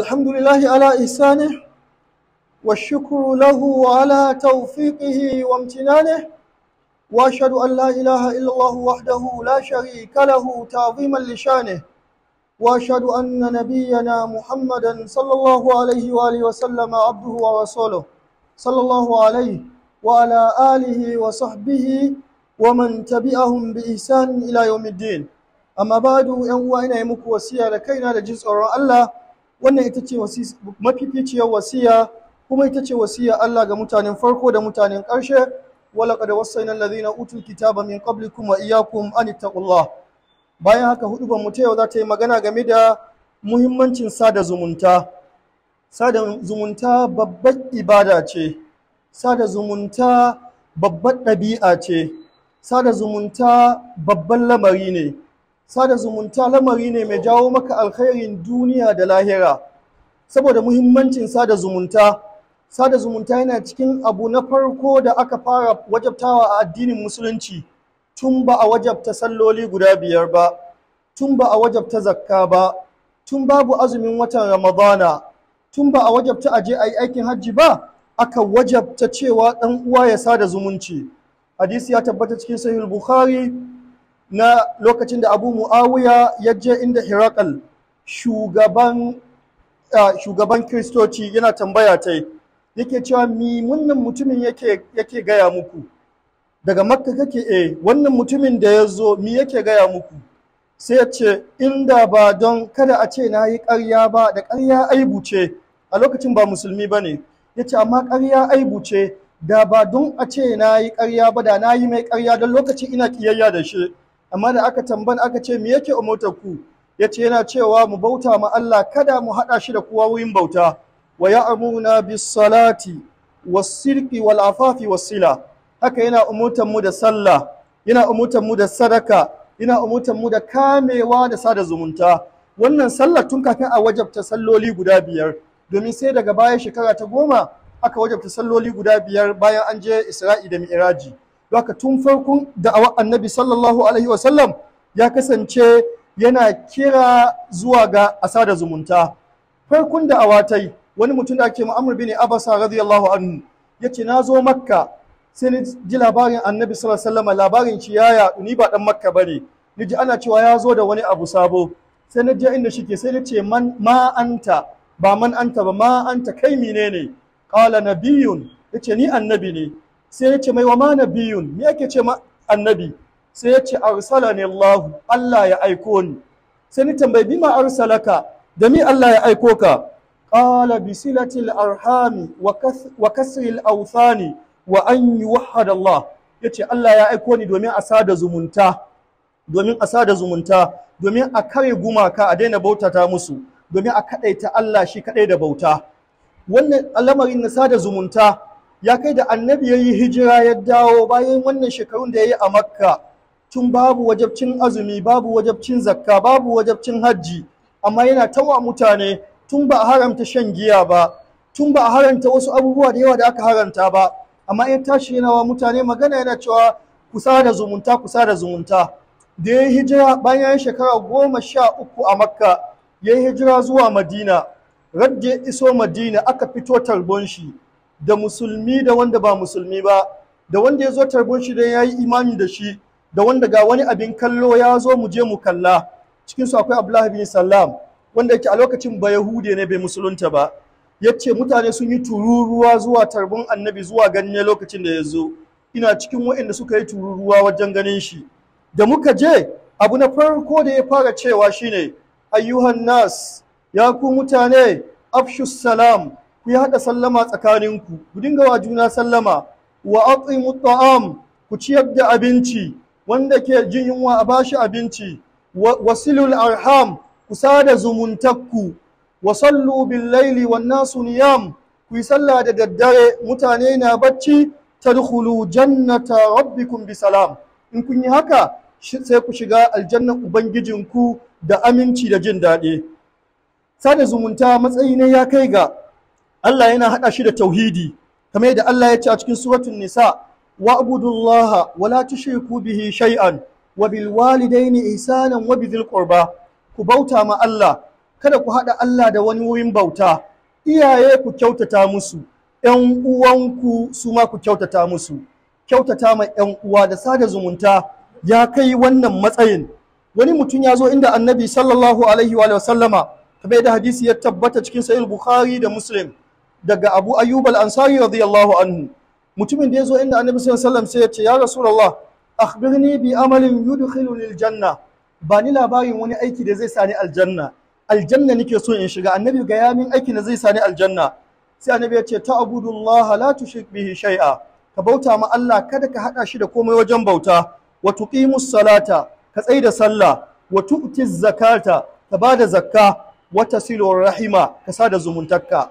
الحمد لله على إحسانه والشكر له على توفيقه وامتنانه وأشهد أن لا إله إلا الله وحده لا شريك له تعظيما لشانه وأشهد أن نبينا محمدا صلى الله عليه وآله وسلم عبده ورسوله صلى الله عليه وعلى آله وصحبه ومن تبعهم بإحسان إلى يوم الدين أما بعد أن وإنا يمك وسيا لكينا لجزء الله wannan ita ce mafificiyar wasiya kuma ita ce wasiya Allah ga mutanen farko da mutanen ƙarshe wala walaqad wasaina allazina utul kitaba min qablikum wa iyyakum an ittaqullah bayan haka hudu mu ta yau za ta yi magana game da muhimmancin sada zumunta sada zumunta babbar ibada ce sada zumunta babbar ɗabi'a ce sada zumunta babban lamari ne sada zumunta lamari ne mai jawo maka alkhairin duniya da lahira saboda muhimmancin sada zumunta sada zumunta yana cikin abu na farko da aka fara wajabtawa a addinin musulunci tun ba a wajabta salloli guda biyar ba tun ba a wajabta zakka ba tun babu azumin watan ramadana tun ba a wajabta aje a yi aikin hajji ba aka wajabta cewa ɗan uwa ya sada zumunci hadisi ya tabbata cikin sahih bukhari na lokacin da abu mu'awiya ya je inda hirakal shugaban shugaban kristoci yana tambaya ta yake cewa mi wannan mutumin yake yake gaya muku daga makka kake eh wannan mutumin da ya zo mi yake gaya muku sai ya ce inda ba don kada a ce na yi ƙarya ba da karya aibu ce a lokacin ba musulmi ba ne ya ce amma karya aibu ce da ba don a ce na yi ƙarya ba da na yi mai karya don lokacin ina kiyayya da shi amma da aka tamban aka ce me yake umotar ku yace yana cewa mu bauta ma Allah kada mu hada shi da kowa wurin bauta wa ya'muruna bis salati was sirqi wal afafi was sila haka yana umotar mu da sallah yana umotar mu da sadaka yana umotar mu da kamewa da sada zumunta wannan sallah tun kafin a wajabta salloli guda biyar domin sai daga baya shekara ta goma aka wajabta salloli guda biyar bayan an je Isra'i da Mi'raji haka tun farkon da'awar annabi sallallahu alaihi wasallam ya kasance yana kira zuwa ga asada zumunta farkon da'awa ta yi wani mutum da ake mu'amur bin abasa radiyallahu anhu ya ce na zo makka sai ni ji labarin annabi sallallahu alaihi wasallam labarin shi ya yaɗu ni ba dan makka ba ne ni ji ana cewa ya zo da wani abu sabo sai na je inda shike sai na ce man ma anta ba man anta ba ma anta kai menene qala nabiyyun yace ni annabi ne sai ya ce mai wa ma nabiyun me yake ce ma annabi sai ya ce arsalani Allah Allah ya aiko ni sai ni tambayi bima arsalaka da mi Allah ya aiko ka qala bi arhami wa kasril awthani wa an yuwahhad Allah yace Allah ya aiko ni domin a sada zumunta domin a sada zumunta domin a kare gumaka a daina bautata musu domin a kadaita Allah shi kaɗai da bauta wannan al'amarin na sada zumunta ya kai da annabi ya yi hijira ya dawo bayan wannan shekarun da ya yi a makka tun babu wajabcin azumi babu wajabcin zakka babu wajabcin hajji amma yana tawa mutane tun ba a haramta shan giya ba tun ba a haramta wasu abubuwa da yawa da aka haramta ba amma ya tashi yana wa mutane magana yana cewa kusa da zumunta kusa da zumunta da ya yi hijira bayan shekara goma sha uku a makka ya yi hijira zuwa madina radda ya iso madina aka fito tarbon shi da musulmi da wanda ba musulmi ba da wanda ya zo tarbon shi don ya yi imani da shi da wanda ga wani abin kallo ya zo mu je mu kalla Cikinsu akwai Abdullahi bin Salam wanda yake a lokacin ba yahudi ne bai musulunta ba Ya ce mutane sun yi tururuwa zuwa tarbon annabi zuwa ganin lokacin da ya zo ina cikin waɗanda suka yi tururuwa wajen ganin shi da muka je abu na farko da ya fara cewa shine ayyuhan nas ya ku mutane afshus salam ku yi haɗa sallama tsakaninku ku dinga wa juna sallama wa aqimu ta'am ku ciyar da abinci wanda ke jin yunwa a ba shi abinci wasilul arham ku sada zumuntakku wa sallu bil laili wan nasu niyam ku yi sallah da daddare mutane na bacci tadkhulu jannata rabbikum bi in kun yi haka sai ku shiga aljannan ubangijinku da aminci da jin daɗi sada zumunta matsayi ne ya kai ga Allah yana haɗa shi da tauhidi kamar yadda Allah ya ce a cikin suratun nisa wa abudullaha wa la tushriku bihi shay'an wa bil walidaini ihsanan wa bidhil qurba ku bauta ma Allah kada ku haɗa Allah da wani wurin bauta iyaye ku kyautata musu ƴan uwanku su ma ku kyautata musu kyautata ma ƴan uwa da sada zumunta ya kai wannan matsayin wani mutum ya zo inda annabi sallallahu alaihi wa sallama kamar da hadisi ya tabbata cikin sahih bukhari da muslim daga Abu Ayyub al-Ansari radiyallahu anhu mutumin da yazo inda Annabi sallallahu alaihi wasallam sai ya ce ya Rasulullah akhbirni bi amalin yudkhiluni al-janna ba ni labarin wani aiki da zai sani aljanna aljanna nake so in shiga annabi ga ya min aiki da zai sani aljanna sai annabi ya ce ta'budullah la tushrik bihi shay'a ka bauta ma Allah kada ka hada shi da komai wajen bauta wa tuqimus salata ka tsai da sallah wa tu'tiz zakata ka bada zakka wa tasilur rahima ka sada zumuntakka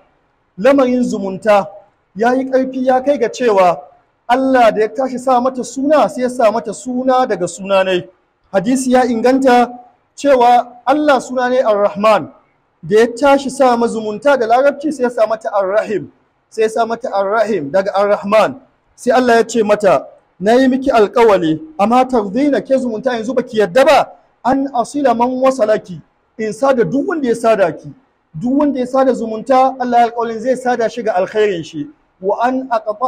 lamarin zumunta ya yi ƙarfi ya kai ga cewa Allah da ya tashi sa mata suna sai ya sa mata suna daga suna ne hadisi ya inganta cewa Allah suna ne ar-Rahman da ya tashi sa mazumunta da larabci sai ya sa mata ar-Rahim sai ya sa mata ar-Rahim daga ar-Rahman sai Allah ya ce mata na yi miki alkawali amma tarzina ke zumunta yanzu ki yadda ba an asila man wasalaki in sa da duk wanda ya sada ki duk wanda ya sada zumunta Allah ya alƙawarin zai sada shi ga alkhairin shi wa an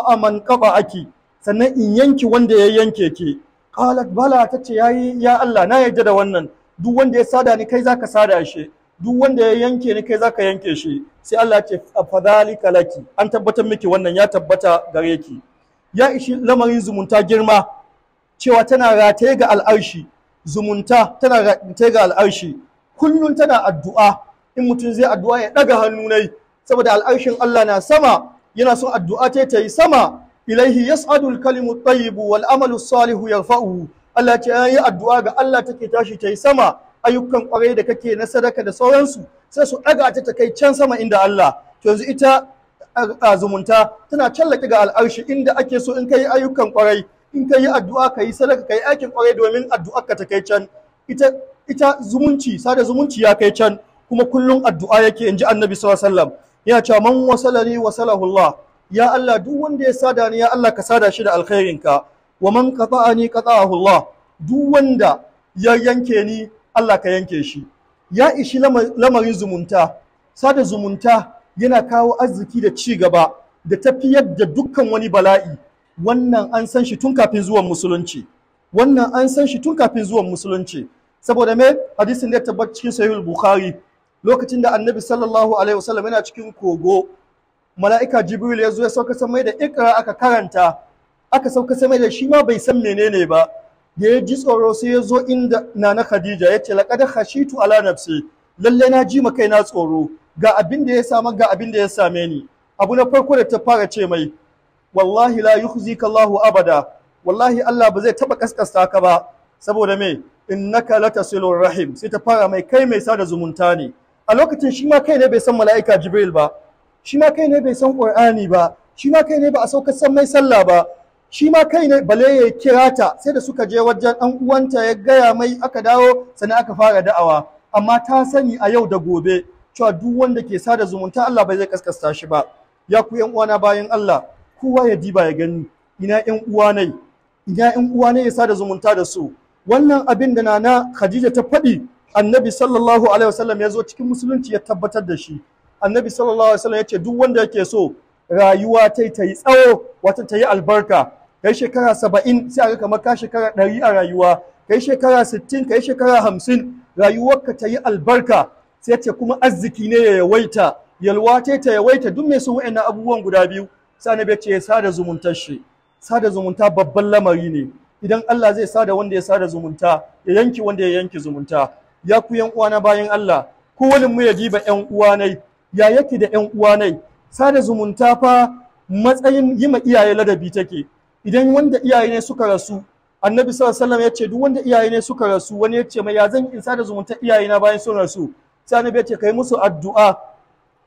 aman man ake sannan in yanki wanda ya yanke ki qalat bala tace yayi ya Allah na yarda da wannan duk wanda ya sada ni kai zaka sada shi duk wanda ya yanke ni kai zaka yanke shi sai Allah ce fadhalika laki an tabbatar miki wannan ya tabbata gare ki ya ishi lamarin zumunta girma cewa tana rataye ga al'arshi zumunta tana rataye ga al'arshi kullun tana addu'a in mutum zai addu'a ya daga hannu nai saboda al'arshin Allah na sama yana son addu'a ta ta yi sama ilaihi yas'adu al-kalimu tayyibu wal amalu salihu yarfa'uhu Allah ce yayi addu'a ga Allah take tashi ta yi sama ayyukan kwarai da kake na sadaka da sauransu sai su daga ta ta kai can sama inda Allah to yanzu ita a zumunta tana challake ga al'arshi inda ake so in kai ayyukan kwarai in kai addu'a kai sadaka kai aikin kwarai domin addu'arka ta kai can ita ita zumunci sada zumunci ya kai can kuma kullum addu'a yake inji annabi sallallahu alaihi wasallam ce cewa man wasalani wasalahu Allah ya Allah duk wanda ya sada ni ya Allah ka sada shi da alkhairinka wa man qata'ani qata'ahu Allah duk wanda ya yanke ni Allah ka yanke shi ya ishi lamarin zumunta sada zumunta yana kawo arziki da ci gaba da tafiyar da dukkan wani bala'i wannan an san shi tun kafin zuwan musulunci wannan an san shi tun kafin zuwan musulunci saboda me hadisin da tabbata cikin sahihul bukhari lokacin da annabi sallallahu alaihi wasallam yana cikin kogo mala'ika jibril ya zo ya sauka samai da ikra aka karanta aka sauka samar da shi ma bai san menene ba da ya ji tsoro sai ya zo inda nana khadija ya ce laqad khashitu ala nafsi lalle na ji kai na tsoro ga abin da ya same ga abin da ya same ni abu na farko da ta fara ce mai wallahi la yukhzika Allahu abada wallahi Allah ba zai taba kaskasta ka ba saboda me innaka latasilur rahim sai ta fara mai kai mai sada zumunta ne a lokacin shi ma kai ne bai san mala'ika jibril ba shi ma kai ne bai san qur'ani ba shi ma kai ne ba a saukar san mai sallah ba shi ma kai ne bale ya kira ta sai da suka je wajen ɗan uwanta ya gaya mai aka dawo sannan aka fara da'awa amma ta sani a yau da gobe cewa duk wanda ke sada zumunta Allah bai zai kaskasta shi ba ya ku yan uwana bayan Allah kowa ya diba ya gani ina yan uwa ne ina yan uwa ne ya sada zumunta da su wannan abin da nana Khadija ta faɗi annabi sallallahu alaihi wasallam ya zo cikin musulunci ya tabbatar da shi annabi sallallahu alaihi wasallam ya ce duk wanda yake so rayuwa ta ta yi tsawo wata ta yi albarka kai shekara saba'in sai a ga ka shekara ɗari a rayuwa kai shekara sittin kai shekara hamsin rayuwarka ta yi albarka sai ya ce kuma arziki ne ya yawaita yalwa ta yi ta yawaita duk mai son wa'annan abubuwan guda biyu sai annabi ya ce ya sada zumuntar shi sada zumunta babban lamari ne idan Allah zai sada wanda ya sada zumunta ya yanki wanda ya yanki zumunta ya ku yan uwana bayan Allah wani mu ya jiba yan uwanai ya yake da yan uwanai sada zumunta fa matsayin yi ma iyaye ladabi take idan wanda iyaye ne suka rasu annabi sallallahu alaihi wasallam ya ce duk wanda iyaye ne suka rasu wani ya ce mai ya zan in sada zumunta iyaye na bayan sun rasu sai annabi ya ce kai musu addu'a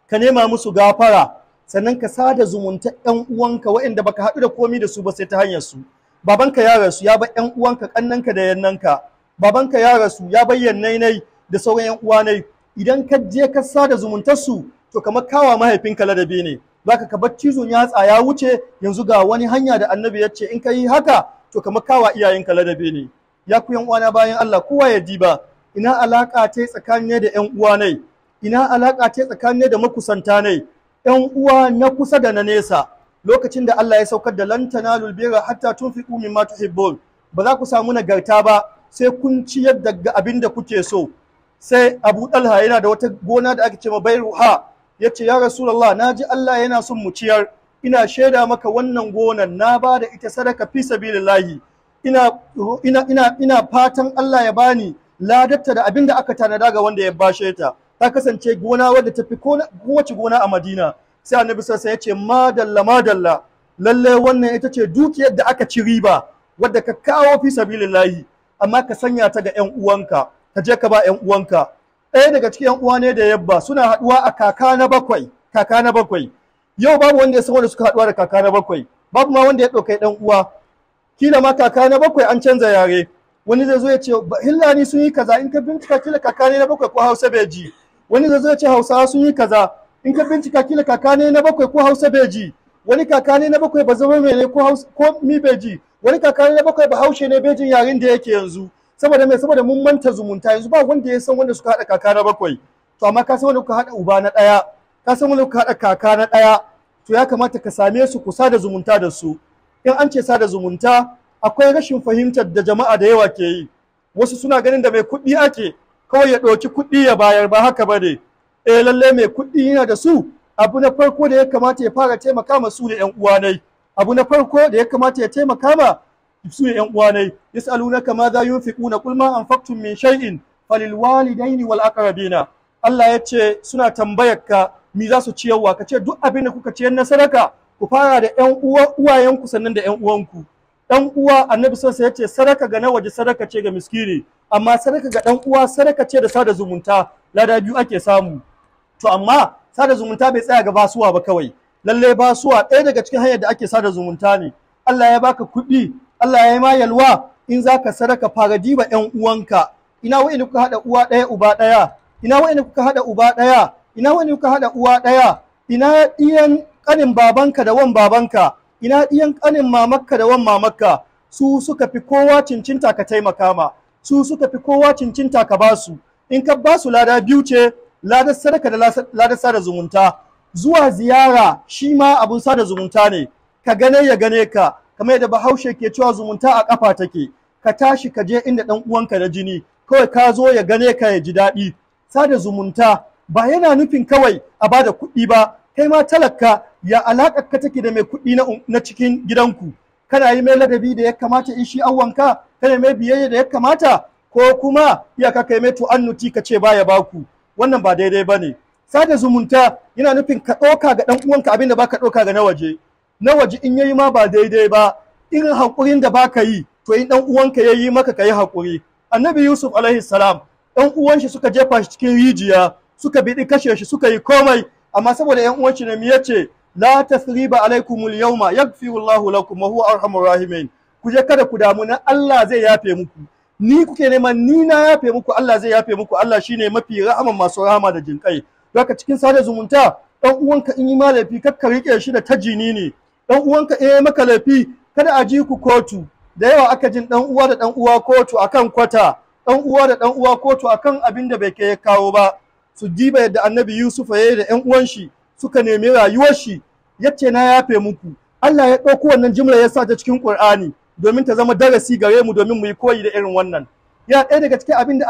ka nema musu gafara sannan ka sada zumunta yan uwanka waɗanda baka haɗu da komi da su ba sai ta hanyar su babanka ya rasu ya ba yan uwanka kannanka da yannanka babanka ya rasu ya bayyana nai da sauran yan uwa nai idan ka je ka sada zumuntar su to kamar kawa mahaifinka ladabi ne zaka ka bar cizon yatsa ya wuce yanzu ga wani hanya da annabi ya ce in ka yi haka to kamar kawa iyayenka ladabi ne ya ku yan uwana bayan Allah kowa ya diba ina alaka ta tsakanin da yan uwa nai ina alaka ta tsakanin da makusanta nai yan uwa na kusa da na nesa lokacin da Allah ya saukar da lantana lulbira hatta tunfiqu mimma tuhibbun ba za ku samu nagarta ba sai kun ciyar da abin da kuke so sai Abu Ɗal'ha yana da wata gona da aka ce ma Bairuha yace ya Rasulullah naji Allah yana son mu ciyar ina shaida maka wannan gonan na ba da ita sadaka fi sabilillahi ina ina ina ina fatan Allah ya bani ladatta da abinda aka tanada ga wanda ya bashe ta ta kasance gona wadda ta fi kowace gona a Madina sai Annabi sai alaihi ya ce madalla madalla lalle wannan ita ce dukiyar da aka ci riba wadda ka kawo fi sabilillahi amma ka sanya ta ga yan uwanka ka je ka ba yan uwanka ɗaya daga cikin yan uwa ne da yabba suna haɗuwa a kaka na bakwai kaka na bakwai yau babu wanda ya san wanda suka haɗuwa da kaka na bakwai babu ma wanda ya ɗaukai ɗan uwa kila ma kaka na bakwai an canza yare wani zai zo ya ce hillani sun yi kaza in ka bincika kila kaka ne na bakwai ko hausa bai ji wani zai zo ya ce hausawa sun yi kaza in ka bincika kila kaka ne na bakwai ko hausa bai ji wani kakani na bakwai ba zama mai ne ko ko mi beji wani kakani na bakwai ba haushe ne bejin yarin da yake yanzu saboda mai saboda mun manta zumunta yanzu ba wanda ya san wanda suka hada kaka na bakwai to amma ka san wanda kuka hada uba na daya ka san wanda kuka hada kaka na daya to ya kamata ka same su ku sada zumunta da su in an ce sada zumunta akwai rashin fahimtar da jama'a da yawa ke yi wasu suna ganin da mai kuɗi ake kawai ya ɗauki kuɗi ya bayar ba haka ba ne eh lalle mai kuɗi yana da su abu na farko da ya kamata ya fara taimaka ma su ne ƴan uwanai abu na farko da ya kamata ya taimaka ma su ne ƴan uwanai yas'alunaka ma za yunfiquna qul ma anfaqtum min shay'in falil walidaini wal aqrabina Allah ya ce suna tambayar ka mi za su ciyarwa ka ce duk abin da kuka ciyar na sadaka ku fara da ƴan uwa uwayenku sannan da ƴan uwanku ɗan uwa annabi sallallahu ya ce sadaka ga na waje sadaka ce ga miskini amma sadaka ga ɗan uwa sadaka ce da sada zumunta lada biyu ake samu to amma sada zumunta bai tsaya ga basuwa ba kawai Lallai basuwa ɗaya daga cikin hanyar da ake sada zumunta ne Allah ya baka kuɗi Allah ya yi ma yalwa in za zaka sadaka fara diba 'yan uwanka ina wa'inda kuka haɗa uwa ɗaya uba ɗaya ina wa'inda kuka haɗa uba ɗaya ina wa'inda kuka haɗa uwa ɗaya ina ɗiyan ƙanin babanka da wan babanka ina ɗiyan ƙanin mamakka da wan mamakka su suka fi kowa cincinta ka taimaka ma su suka fi kowa cincinta ka basu in ka basu lada biyu ce ladar sadaka da ladar sada zumunta zuwa ziyara shi ma abun sada zumunta ne ka gane ya gane ka kamar yadda bahaushe ke cewa zumunta a kafa take ka tashi ka je inda dan uwanka da jini kawai ka zo ya gane ka ya ji daɗi sada zumunta ba yana nufin kawai a bada kuɗi ba kai ma talaka ya alaƙar ka take da mai kuɗi na cikin gidanku kana yi mai ladabi da ya kamata in shi awanka kana mai biyayya da ya kamata ko kuma iyaka kai mai tu'annuti ka ce baya baku wannan ba daidai ba ne sada zumunta yana nufin ka ɗauka ga ɗan uwanka abin da baka ɗauka ga na waje na waje in yayi ma ba daidai ba irin haƙurin da baka yi to in ɗan uwanka yayi maka ka yi haƙuri annabi yusuf alaihi salam ɗan uwan shi suka jefa shi cikin rijiya suka biɗi kashe shi suka yi komai amma saboda yan uwan shi ne ya ce la tasriba alaikum yawma yaghfirullahu lakum wa huwa arhamur rahimin ku je kada ku damu na Allah zai yafe muku ni kuke neman ni na yafe muku Allah zai yafe muku Allah shine mafi rahaman masu rahama da jinkai haka cikin sada zumunta dan uwanka in yi ma laifi kakka rike shi da tajini ne dan uwanka in yi maka laifi kada a ji ku kotu da yawa aka jin dan uwa da dan uwa kotu akan kwata dan uwa da dan uwa kotu akan abin da bai kai kawo ba su diba yadda annabi Yusuf yayi da yan uwan shi suka nemi rayuwar shi yace na yafe muku Allah ya ɗauko wannan jimla ya sa ta cikin Qur'ani domin ta zama darasi gare mu domin mu yi koyi da irin wannan ya ɗaya daga cikin abin da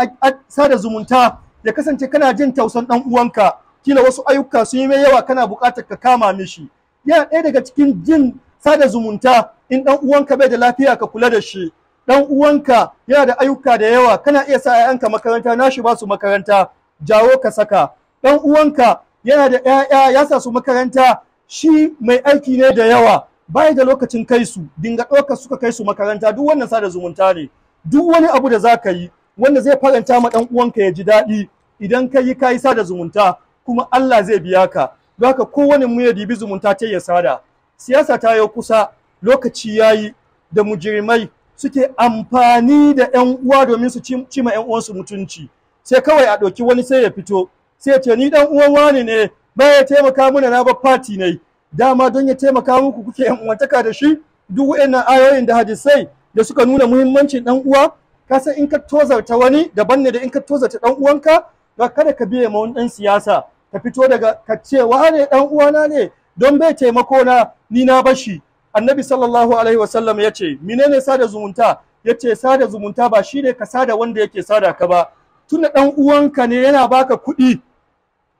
sada zumunta ya kasance kana jin tausan ɗan uwanka kila wasu ayyuka sun yi mai yawa kana buƙatar ka kama mishi ya ɗaya daga cikin jin sada zumunta in ɗan uwanka bai da lafiya ka kula da shi ɗan uwanka yana da ayyuka da yawa kana iya sa 'ya'yanka makaranta na shi ba su makaranta jawo ka saka ɗan uwanka yana da 'ya'ya ya sa su makaranta shi mai aiki ne da yawa bai da lokacin kai su dinga ɗaukar suka kai su makaranta duk wannan sada zumunta ne duk wani abu da za ka yi wanda zai faranta ma ɗan uwanka ya ji daɗi idan ka yi ka yi sada zumunta kuma Allah zai biya ka don haka kowane mu ya dibi zumunta ta ya sada siyasa ta yi kusa lokaci ya yi da mujirmai suke amfani da ƴan uwa domin su ci ma ƴan uwansu mutunci sai kawai a ɗauki wani sai ya fito sai ya ce ni ɗan uwan wani ne baya taimaka mana na ba party ne dama don ya taimaka muku kuke yan uwantaka da shi duk wayannan ayoyin da hadisai da suka nuna muhimmancin dan uwa ka san in ka tozarta wani daban ne da in ka tozarta dan uwanka ba kada ka biye ma wani dan siyasa ka fito daga ka ce wane dan uwana ne don bai taimako na ni na bashi annabi sallallahu alaihi wasallam ya ce menene sada zumunta ya ce sada zumunta ba shi ne ka sada wanda yake sada ka ba tunda dan uwanka ne yana baka kuɗi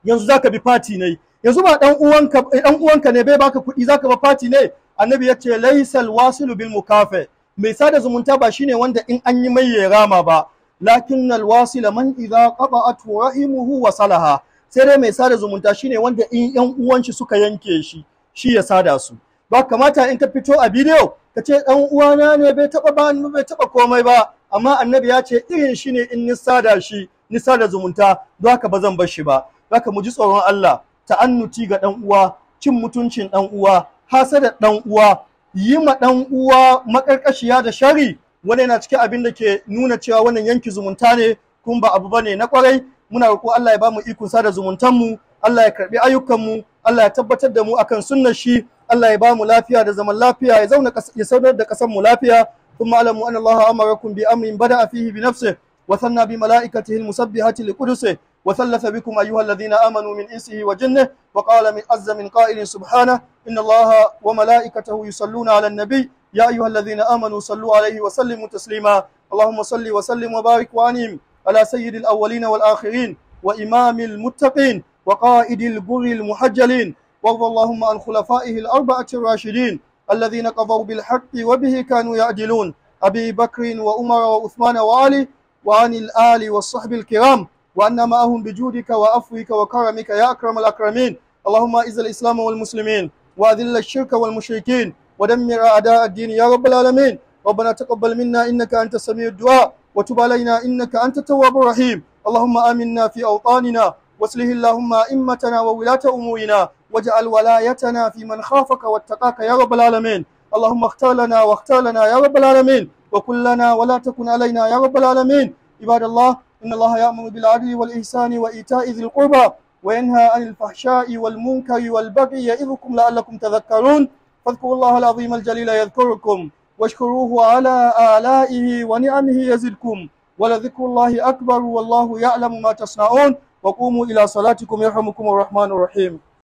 yanzu zaka bi fati ne yanzu ba dan uwanka dan eh, uwanka ne bai baka kuɗi zaka ba fati ne annabi ya ce laysal wasilu bil mukafe mai sada zumunta ba shine wanda in an yi mai ya rama ba lakin wasila man idza qata'atu rahimuhu wa salaha sai dai mai sada zumunta shine wanda in yan uwan suka yanke shi shi ya sada su ba kamata in ka fito a bidiyo ka ce dan uwana ne bai taba ba bai taba komai ba amma annabi ya ce irin shine in ni sada shi ni sada zumunta don haka ba zan bar shi ba haka mu ji tsoron Allah ta'annuti ga ɗan uwa cin mutuncin ɗan uwa hasada ɗan uwa yi ma ɗan uwa maƙarƙashiya da shari wani yana cikin abin da ke nuna cewa wannan yanki zumunta ne kun ba abu ne na kwarai muna roƙo Allah ya bamu ikon sada zumuntan mu Allah ya karbi ayyukan mu Allah ya tabbatar da mu akan sunnar shi Allah ya mu lafiya da zaman lafiya ya zauna ya saunar da kasan mu lafiya kuma alamu anna Allah amarakum bi amrin bada fihi bi nafsihi wa sanna bi malaikatihi al-musabbihati li qudusihi وثلث بكم أيها الذين آمنوا من إنسه وجنه وقال من عز من قائل سبحانه إن الله وملائكته يصلون على النبي يا أيها الذين آمنوا صلوا عليه وسلموا تسليما اللهم صل وسلم وبارك وأنعم على سيد الأولين والآخرين وإمام المتقين وقائد البر المحجلين وارض اللهم عن خلفائه الأربعة الراشدين الذين قضوا بالحق وبه كانوا يعدلون أبي بكر وأمر وعثمان وعلي وعن الآل والصحب الكرام وأن معهم بجودك وعفوك وكرمك يا أكرم الأكرمين اللهم أعز الإسلام والمسلمين وأذل الشرك والمشركين ودمر أعداء الدين يا رب العالمين ربنا تقبل منا إنك أنت سميع الدعاء وتب علينا إنك أنت التواب الرحيم اللهم آمنا في أوطاننا واصلح اللهم أئمتنا وولاة أمورنا واجعل ولايتنا في من خافك واتقاك يا رب العالمين اللهم اختار لنا واختار لنا يا رب العالمين وكن لنا ولا تكن علينا يا رب العالمين عباد الله إن الله يأمر بالعدل والإحسان وإيتاء ذي القربى وينهى عن الفحشاء والمنكر والبغي يعظكم لعلكم تذكرون فاذكروا الله العظيم الجليل يذكركم واشكروه على آلائه ونعمه يزدكم ولذكر الله أكبر والله يعلم ما تصنعون وقوموا إلى صلاتكم يرحمكم الرحمن الرحيم